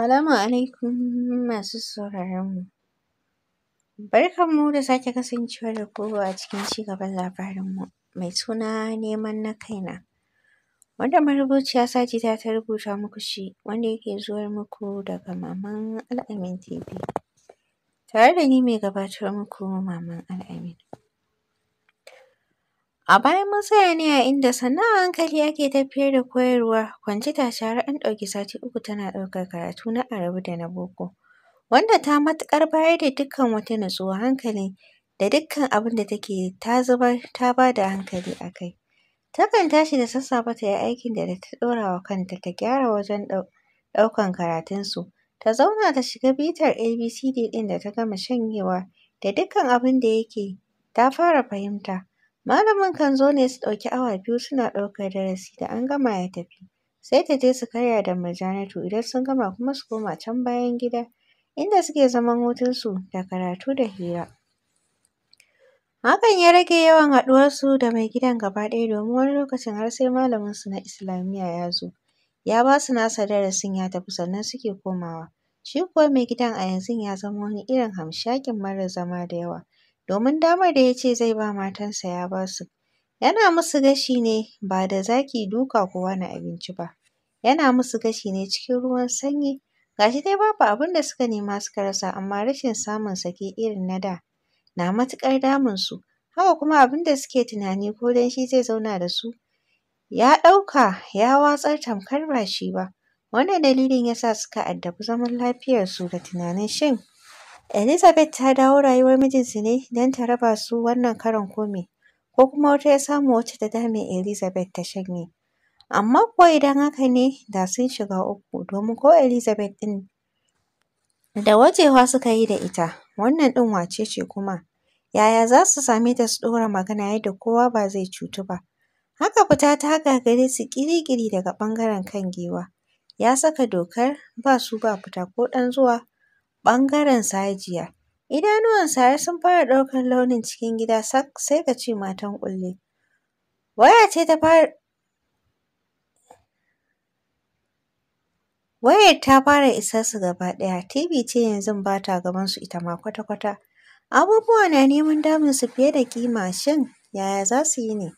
Salamu alaikum masu sauraron mu. Barkan mu da sake kasancewa da ku a cikin cigaban labarin mu mai suna neman na kaina. Wanda marubuciya Sajida ta rubuta muku shi wanda yake zuwa muku daga Maman Al'amin TV. Tare da ni mai gabatar muku Maman Al'amin. A bayan mun tsaya ne a inda sannan hankali ake tafiyar da koyarwa. Kwance ta har an ɗauki sati uku tana ɗaukar karatu na Arabu da na Boko, wanda ta matuƙar bayar da dukkan wata natsuwa, hankali da dukkan abin da take yi ta zubar ta ba da hankali a kai. Takan tashi da sassafe ta yi aikin da ta ɗora wa kanta, ta gyara wajen ɗaukan karatunsu, ta zauna ta shiga bitar ABCD ɗin da ta gama shanyewa da dukkan abin da yake ta fara fahimta. Malamin kan zo ne su ɗauki awa biyu suna ɗaukar darasi da an gama ya tafi, sai ta je su karya da Marjanatu idan sun gama kuma su koma can bayan gida inda suke zaman hutunsu da karatu da hira. Hakan ya rage yawan haɗuwarsu da mai gidan gaba ɗaya domin wani lokacin har sai malaminsu na Islamiyya ya zo, ya ba su nasa darasin ya tafi sannan suke komawa. Shi kuwa mai gidan a yanzun ya zama wani irin hamshakin marar zama da yawa domin damar da ya ce zai ba matansa ya ba su. Yana musu gashi ne ba da zaki duka ko wani abinci ba. Yana musu gashi ne cikin ruwan sanyi. Ga shi dai babu abin da suka nema suka rasa amma rashin samun sake irin na da na matuƙar damunsu. Haka kuma abin da suke tunani ko don shi zai zauna da su ya ɗauka ya watsar tamkar ba shi ba. Wannan dalilin ya sa suka addabi zaman lafiyarsu da tunanin shin Elizabeth ta dawo rayuwar mijinsu ne don ta raba su wannan karon kome ko kuma wata ya samu wata ta dame Elizabeth ta shanye. Amma kuwa idan haka ne da sun shiga uku domin ko Elizabeth ɗin da wajewa suka yi da ita, wannan ɗin wace ce kuma? Yaya za su same ta su ɗora magana yadda kowa ba zai cutu ba? Haka fita ta gagare su kiri-kiri daga ɓangaren kan giwa. Ya saka dokar ba su ba fita ko ɗan zuwa ɓangaren Sajiya. Idanuwansa har sun fara ɗaukar launin cikin gida sak sai ka ce matan ƙulle. Waya ce ta fara Wayar ta fara isa su gaba ɗaya, TV ce yanzu ba ta gaban su ita ma kwata-kwata. Abubuwa na neman damun su fiye da kima shin yaya za su yi ne?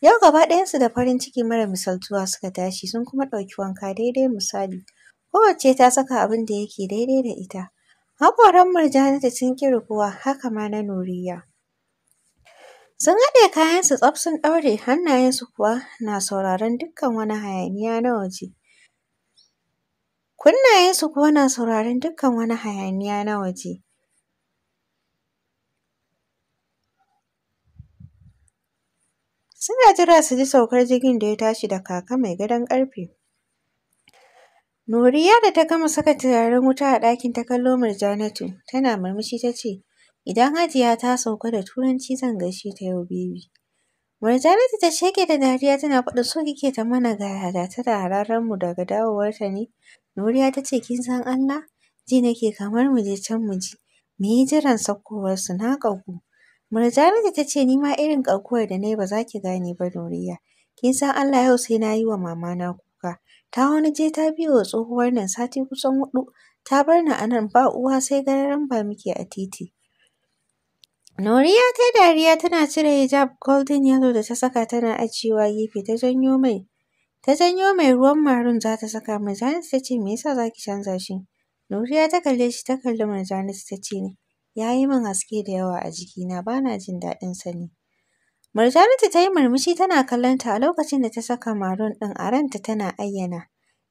Yau gaba ɗayansu da farin ciki mara misaltuwa suka tashi sun kuma ɗauki wanka daidai misali. Kowacce ta saka abin da yake daidai da ita. Haƙoran Murjanatu sun ƙi rufuwa haka ma na Nuriya. Sun haɗe kayansu tsaf sun ɗaure hannayensu kuwa na sauraron dukkan wani hayaniya na waje. Kunnayensu kuwa na sauraron dukkan wani hayaniya na waje. Suna jira su ji saukar jirgin da ya tashi da kaka mai gadon ƙarfe. Nuriya da ta gama saka turaren wuta a ɗakin ta kallo Murjanatu tana murmushi ta ce, Idan Hajiya ta sauka da Turanci zan gaishe ta yau bebi. Murjanatu ta sheke da dariya tana faɗa so kike ta mana gaya da tana hararar mu daga dawowarta ne. Nuriya ta ce kin san Allah? Ji nake kamar mu je can mu ji. Mu yi jiran saukowarsu na ƙagu. Murjanatu ta ce ni ma irin ƙaukuwar da na yi ba za ki gane ba Nuriya. Kin san Allah yau sai na yi wa mamana ku. ta wani je ta biyo wa tsohuwar nan sati kusan huɗu ta bar ni a nan ba uwa sai gararan ba muke a titi. Noriya ta dariya tana cire hijab golden yellow da ta saka tana ajiyewa gefe ta janyo mai ta janyo mai ruwan marun za ta saka janis ta ce me yasa za ki canza shi? Noriya ta kalle shi ta kalli janis ta ce ya yi min haske da yawa a jikina ba na jin daɗin sani. Murjanatu ta yi murmushi tana kallon ta a lokacin da ta saka maron ɗin a ranta tana ayyana.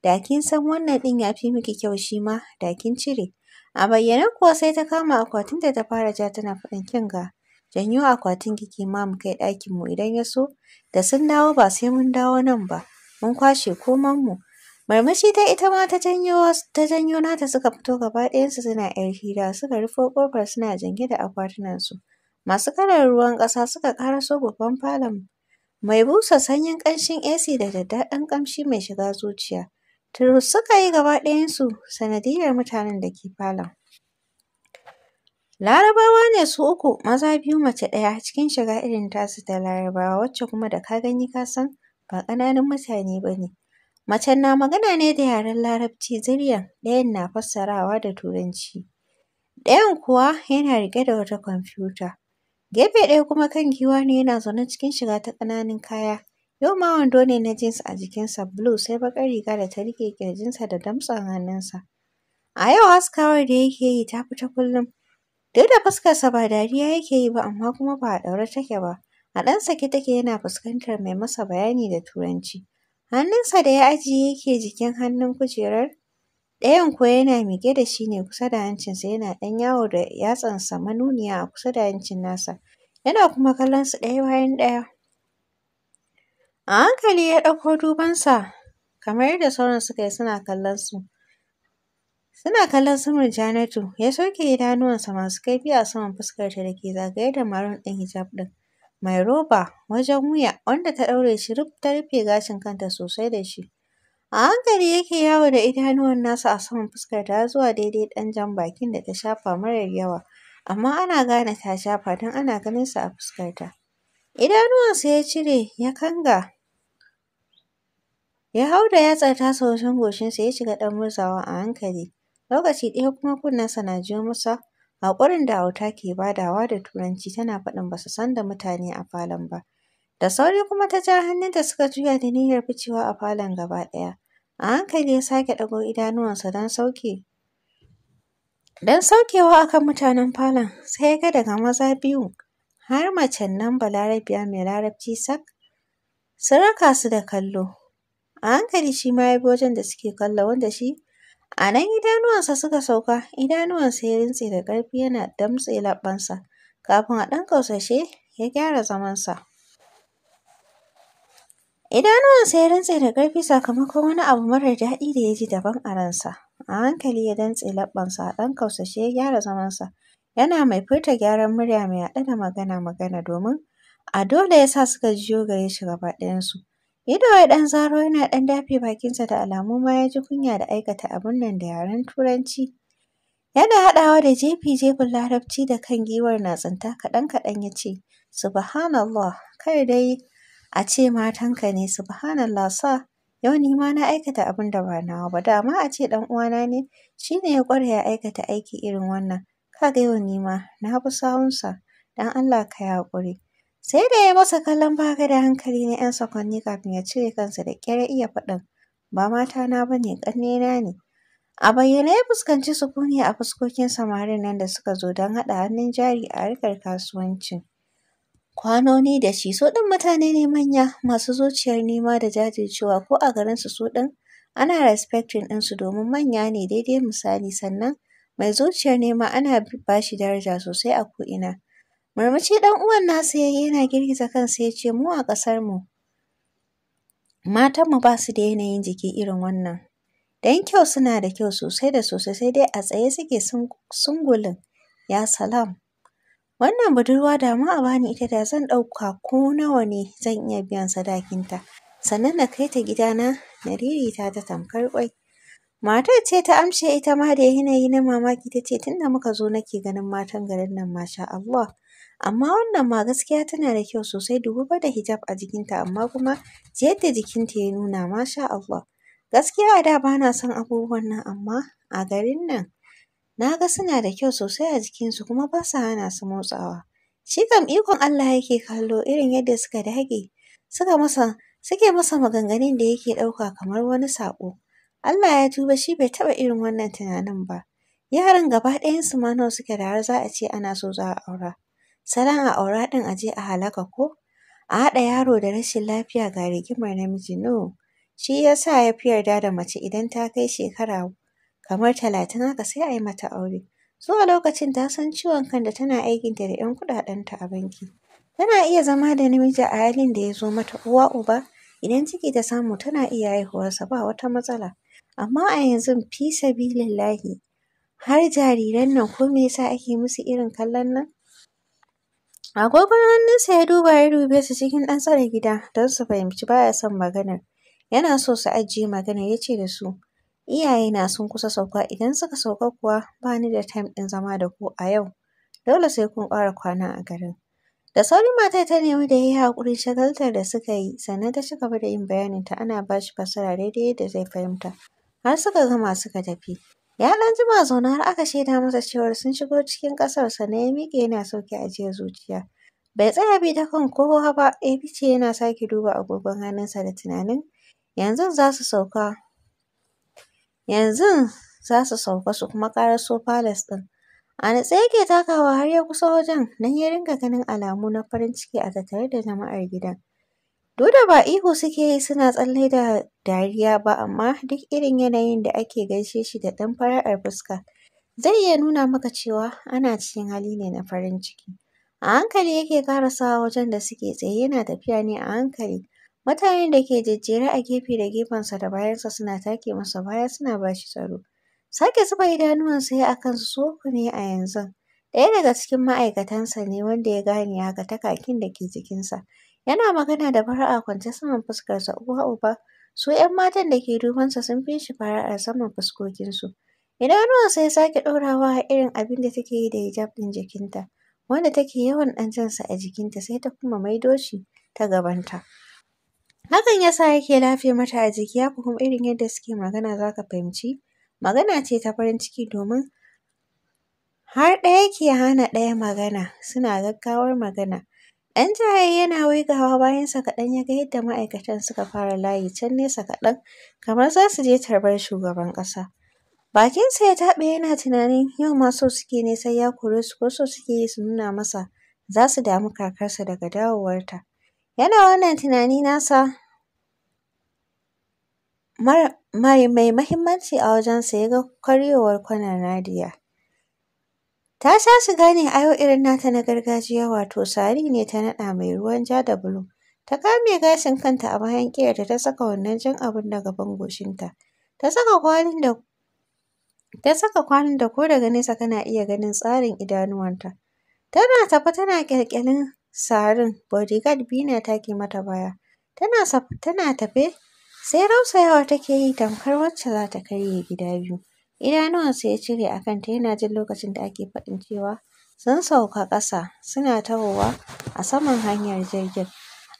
Da kin san wannan ɗin ya fi miki kyau shi ma, da kin cire. A bayyane kuwa sai ta kama akwatin da ta fara ja tana faɗin kin ga janyo akwatin kike ma mu kai ɗakin mu idan ya so da sun dawo ba sai mun dawo nan ba mun kwashe koman mu. Murmushi ta ita ma ta janyo ta janyo nata suka fito gaba su suna ‘yar hira suka rufo ƙofar suna jange da akwatunan su. masu kalar ruwan ƙasa suka ƙaraso babban falon mai busa sanyin ƙanshin AC da daddaɗan ƙamshi mai shiga zuciya. Turu suka yi gaba ɗayansu sanadiyyar mutanen da ke falon. Larabawa ne su uku, maza biyu mace ɗaya cikin shiga irin tasu ta Larabawa wacce kuma da ka gani ka san ba ƙananun mutane ba ne. Macen na magana ne da yaren Larabci ziryan, ɗayan na fassarawa da Turanci. Ɗayan kuwa yana riƙe da wata kwamfuta. Gefe ɗaya kuma kan giwa ne yana zaune cikin shiga ta ƙananan kaya. Yau ma wando ne na jeans a jikinsa blue sai baƙar riga da ta riƙe ƙirjinsa da damtsen hannunsa. A yau haskawar da yake yi ta fi ta kullum. Duk da fuskarsa ba dariya yake yi ba amma kuma ba a ɗaure take ba. A ɗan sake take yana fuskantar mai masa bayani da Turanci. Hannunsa da ya ajiye yake jikin hannun kujerar ɗayan kuwa yana mike da shi ne kusa da hancinsa yana ɗan yawo da yatsansa manuniya a kusa da hancin nasa, yana kuma kallon su ɗaya bayan ɗaya. A hankali ya ɗauko dubansa kamar yadda sauran suka yi suna kallon su. Suna kallon su Murjanatu, ya soke idanuwansa masu kaifi a saman fuskarta da ke zagaye da maroon ɗin hijab ɗin mai roba wajen wuya wanda ta ɗaure shi ruf ta rufe gashin kanta sosai da shi. A hankali yake yawo da idanuwan nasa a saman fuskarta ta zuwa daidai ɗan jan bakin da ta shafa marar yawa, amma ana gane ta shafa don ana ganin sa a fuskarta. Idanuwansa ya cire ya kanga, ya hau da yatsar tasa wajen goshinsa ya shiga ɗan murzawa a hankali, lokaci ɗaya kuma kunnensa na jiyo masa haƙurin da auta ke badawa da Turanci tana faɗin ba su san da mutane a falon ba. Da sauri kuma ta ja hannunta suka juya da niyyar ficewa a falon gaba ɗaya. A hankali ya sake ɗago idanuwansa don sauke. Don saukewa akan mutanen falon sai ya ga daga maza biyu har macen nan balarabiya mai larabci sak. Sun raka su da kallo. A hankali shi ma ya bi wajen da suke kallo wanda shi a nan idanuwansa suka sauka idanuwansa ya rintse da ƙarfi yana damtse laɓansa, kafin a ɗan kausashe ya gyara zamansa. Idanuwansa ya rantse da ƙarfi sakamakon wani abu marar daɗi da ya ji daban a ransa. A hankali ya dantse laɓɓansa a ɗan kausashe ya gyara zamansa, yana mai furta gyaran murya mai haɗe da magana-magana domin a dole ya sa suka juyo gare shi gaba ɗayansu. Ido ya ɗan zaro yana ɗan dafe bakinsa da alamu ma ya ji kunya da aikata abun nan da yaren Turanci. Yana haɗawa da jefi-jefin Larabci da kan giwar na tsinta kaɗan-kaɗan ya ce, Subhanallah, kai dai a ce matanka ne subhanallah sa yau ni ma na aikata abin da ba nawa ba dama a ce dan uwana ne shine ya kware ya aikata aiki irin wannan kaga yau ni ma na bi sawunsa dan Allah ka yi kware. sai da ya masa kallon baka da hankali ne yan sakwanni kafin ya cire kansa da kyar iya faɗin ba mata na bane ƙannena ne a bayyane ya fuskanci sukuni a fuskokin samarin nan da suka zo don haɗa hannun jari a harkar kasuwancin kwanoni da shi. so ɗin mutane ne manya masu zuciyar nema da jajircewa ko a garinsu su ɗin ana respecting ɗinsu domin manya ne daidai misali sannan mai zuciyar nema ana ba shi daraja sosai a ko'ina. Murmushi ɗan uwan nasu ya yi yana girgiza kansa ya ce mu a ƙasar mu. matanmu ba su da yanayin jiki irin wannan. Dan kyau suna da kyau sosai da sosai sai dai a tsaye suke sungulin. Ya salam! Wannan budurwa da ma a bani ita da zan ɗauka ko nawa ne zan iya biyan sadakinta, sannan na kai ta gidana na ririta ta tamkar ƙwai. Matar ce ta amshe ita ma da yanayi na mamaki ta ce tun da muka zo nake ganin matan garin nan masha Allah. Amma wannan ma gaskiya tana da kyau sosai dubu fa da hijab a jikinta amma kuma yadda jikinta ya nuna masha Allah. Gaskiya a da bana son abubuwan nan amma a garin nan Na ga suna da kyau sosai a jikinsu kuma ba sa hana su motsawa. Shi kam ikon Allah yake kallo irin yadda suka dage, suka masa suke masa maganganun da yake ɗauka kamar wani saƙo. Allah ya tuba shi bai taɓa irin wannan tunanin ba. Yaran gaba ɗayansu ma nawa suke da har za a ce ana so za a aura. Salon a aura ɗin a je a halaka ko? A haɗa yaro da rashin lafiya ga rigimar namiji no. Shi ya sa ya fi yarda da mace idan ta kai shekara kamar talatin haka sai a yi mata aure. Zuwa lokacin ta san ciwon kan da tana aikinta da 'yan kuɗaɗenta a banki. Tana iya zama da namiji a halin da ya zo mata uwa uba, idan ciki ta samu tana iya haihuwarsa ba wata matsala. Amma a yanzu fi sabilillahi har jariran nan ko me yasa ake musu irin kallon nan? Agogon hannunsa ya duba ya dube su cikin ɗan tsare gida don su fahimci ba ya son maganar. Yana so su ajiye maganar ya ce da su, Iyaye na sun kusa sauka idan suka sauka kuwa ba ni da time ɗin zama da ku a yau. Dole sai kun ƙara kwana a garin. Da sauri matar ta nemi da ya yi haƙuri shagaltar da suka yi sannan ta ci gaba da yin bayaninta ana ba shi fasara daidai yadda zai fahimta. Har suka gama suka tafi. Ya ɗan jima zaune har aka shaida masa cewar sun shigo cikin ƙasar sannan ya miƙe yana sauke ajiyar zuciya. Bai tsaya bi ta kan kowa ba ya fice yana sake duba agogon hannunsa da tunanin yanzu za su sauka Yanzu za su sauka su kuma karaso Palace ɗin. A natse yake takawa har ya kusa wajen, nan ya ringa ganin alamu na farin ciki a tattare da jama'ar gidan. Duk ba ihu suke yi suna tsalle da dariya ba, amma duk irin yanayin da ake gaishe shi da ɗan fara'ar fuska, zai iya nuna maka cewa ana cikin hali ne na farin ciki. A hankali yake ƙarasawa wajen da suke tsaye, yana tafiya ne a hankali Mutane da ke jejjere a gefe da gefensa da bayansa suna take masa baya suna ba shi tsaro. Sake zuba idanuwansa ya a kansu tsoho ne a yanzu. Ɗaya daga cikin ma'aikatansa ne wanda ya gane haka ta kakin da ke jikinsa. Yana magana da fara'a kwance saman fuskarsa uwa uba. Su ‘yan matan da ke dubansa sun fi shi fara'a saman fuskokinsu. Idanuwan sai sake ɗorawa a irin abin da take yi da hijab ɗin jikinta, wanda take yawan ɗan jansa a jikinta sai ta kuma maido shi ta gabanta. Hakan yasa yake lafe mata a jiki ya kuma irin yadda suke magana za ka fahimci magana ce ta farin ciki domin har ɗaya ke hana ɗaya magana suna gaggawar magana. Ɗan jaye yana waigawa bayansa kaɗan ya ga yadda ma'aikatan suka fara layi can nesa kaɗan kamar za su je tarbar shugaban ƙasa. Bakinsa ya taɓa yana tunanin yau ma so suke ne sai ya kore su ko so suke yi su nuna masa za su damu kakarsa daga dawowarta. Yana wannan tunani nasa mai mai mahimmanci a wajensa ya ga karyowar kwanon Nadia. Ta sha shiga ne ayo irin nata na gargajiya wato sari ne ta naɗa mai ruwan ja da bulo. Ta kame gashin kanta a bayan ƙeyarta ta saka wannan jan abin daga gaban Ta saka kwanin da ta saka kwanin da ko daga nesa kana iya ganin tsarin idanuwanta. Tana tafe tana ƙyalƙyalin sarin bodyguard biyu na take mata baya. Tana tafe sai rausayawa take yi tamkar wacce za ta karye gida biyu. Idanuwansa ya cire a kanta yana jin lokacin da ake faɗin cewa sun sauka ƙasa suna tahowa a saman hanyar jirgin.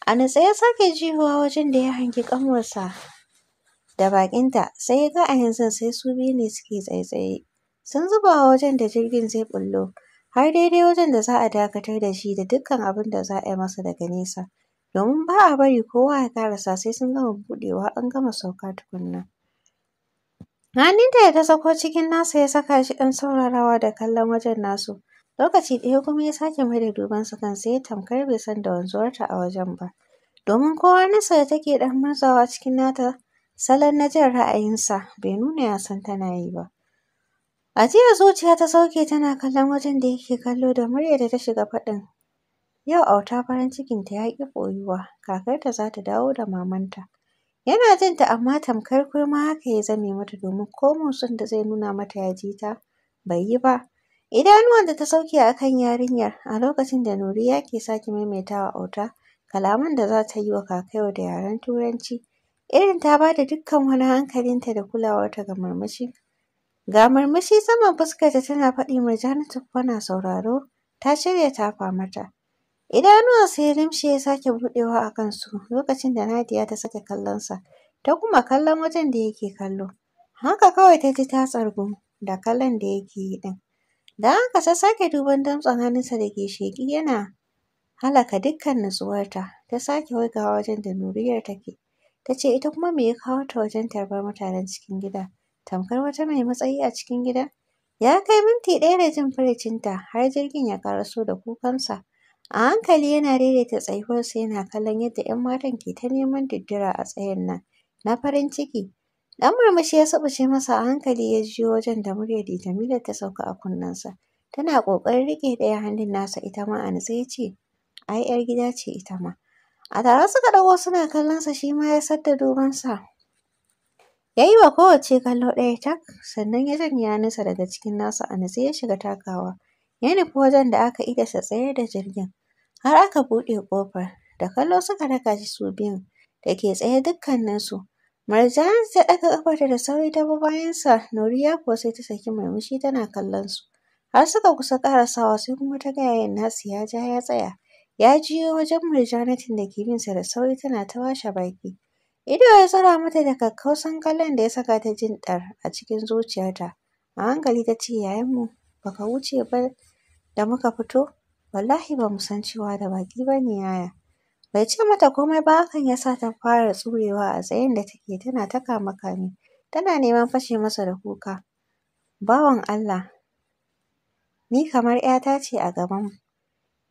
A nutse ya sake jihuwa wajen da ya hangi ƙanwarsa da baƙinta, sai ya ga a yanzu sai su biyu ne suke tsaitsaye. Sun zuba wajen da jirgin zai bullo. har daidai wajen da za a dakatar da shi da dukkan abin da za a yi masa daga nesa. Domin ba a bari kowa ya ƙarasa sai sun gama buɗewa an gama sauka tukunna. Hannunta da ta sako cikin nasa ya saka shi ɗan saurarawa da kallon wajen nasu. Lokaci ɗaya kuma ya sake maida dubansa kansa ya tamkar bai san da wanzuwarta a wajen ba. Domin kowa nasa da take ɗan murzawa cikin nata salon na jin ra'ayinsa bai nuna ya san tana yi ba. A jiya zuciya ta sauke tana kallon wajen da yake kallo da murya da ta shiga faɗin. Yau auta farin cikinta ya ƙi kakar kakarta za ta dawo da mamanta. Yana jin ta amma tamkar kurma haka ya zame mata domin ko motsin da zai nuna mata ya ji ta bai yi ba. Idanuwan da ta sauke a kan yarinyar a lokacin da Nuriya ke sake maimaitawa wa auta kalaman da za ta yi wa Kakayau da yaren Turanci. Irin ta ba da dukkan wani hankalinta da kulawarta ga murmushi. Ga murmushi saman fuskarta tana faɗi Murjanatu kuwa na sauraro ta shirya tafa mata. Idanuwansa ya rimshi ya sake buɗewa a kansu lokacin da Nadiya ta saka kallonsa ta kuma kallon wajen da yake kallo. Haka kawai ta ji ta tsargu da kallon da yake yi ɗin. Da haka ta sake duban damtsen hannunsa da ke sheƙi yana halaka dukkan nutsuwarta. Ta sake waigawa wajen da Nuriyar take. Ta ce ita kuma me ya kawo ta wajen tarbar mutanen cikin gida? tamkar wata mai matsayi a cikin gida Ya kai minti ɗaya da jin furicinta har jirgin ya karaso da kukansa. A hankali yana daidaita tsayuwarsa yana kallon yadda ‘yan matan ke ta neman diddira a tsayin nan na farin ciki. Ɗan murmushi ya suɓuce masa a hankali ya jiyo wajen da murya muryar Jamilat ta sauka a kunnensa. Tana ƙoƙarin riƙe ɗaya hannun nasa ita ma a natse ya ce, ai ‘yar gida ce ita ma. A tare suka ɗago suna kallonsa shi ma ya sadda sa. Ya yi wa kowace kallo ɗaya tak, sannan ya janye hannunsa daga cikin nasa a natse ya shiga takawa. Ya nufi wajen da aka idasa tsaye da jirgin, har aka buɗe ƙofar. Da kallo suka raka shi su biyun da ke tsaye dukkaninsu. Marjan ta ɗaga ƙafarta da sauri ta bi bayansa, Nuriya kuwa sai ta saki murmushi tana kallon su. Har suka kusa ƙarasawa sai kuma ta gaya yin nasu ya ja ya tsaya. Ya jiyo wajen Marjanatin da ke binsa da sauri tana ta washe baki. Ido ya tsara mata da kakkausan kallon da ya saka ta jin ɗar a cikin zuciyarta. A hankali ta ce, yayanmu ba ka wuce ba da muka fito? Wallahi ba mu san cewa da baki ba ne yaya. Bai ce mata komai ba hakan ya sa ta fara tsurewa a tsayin da take tana ta kama kame Tana neman fashe masa da kuka. Bawan Allah, ni kamar 'yata ce a gaban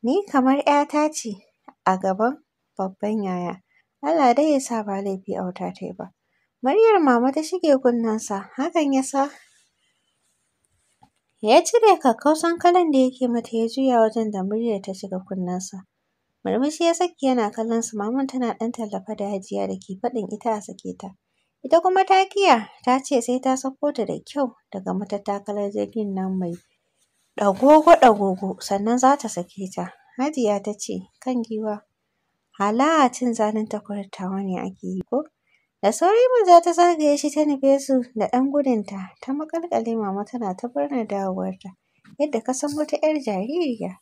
ni kamar 'yata ce a gaban babban yaya. Allah dai ya sa ba laifi auta ta yi ba. maryar mama ta shige kunnensa, hakan ya sa ya cire kakkausan kalan da yake mata ya juya wajen da muryar ta shiga kunnensa. Murmushi ya saki yana kallon su maman tana ɗan tallafa da hajiya da ke faɗin ita a sake ta. Ita kuma ta kiya ta ce sai ta sako ta da kyau daga matattakalar jirgin nan mai dagogo ɗagogo sannan za ta sake ta. Hajiya ta ce kan giwa Hala cin zalin takwarar tawa ne ake yi ko? Da sauri za ta zagaye shi ta nufe su da ɗan gudunta ta maƙalƙale mama tana ta murnar dawowarta yadda ka san wata 'yar jaririya.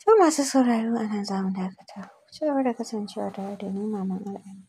To masu sauraro a nan za mu dakata. Ku gaba da kasancewa tare da ni Maman Al'amin.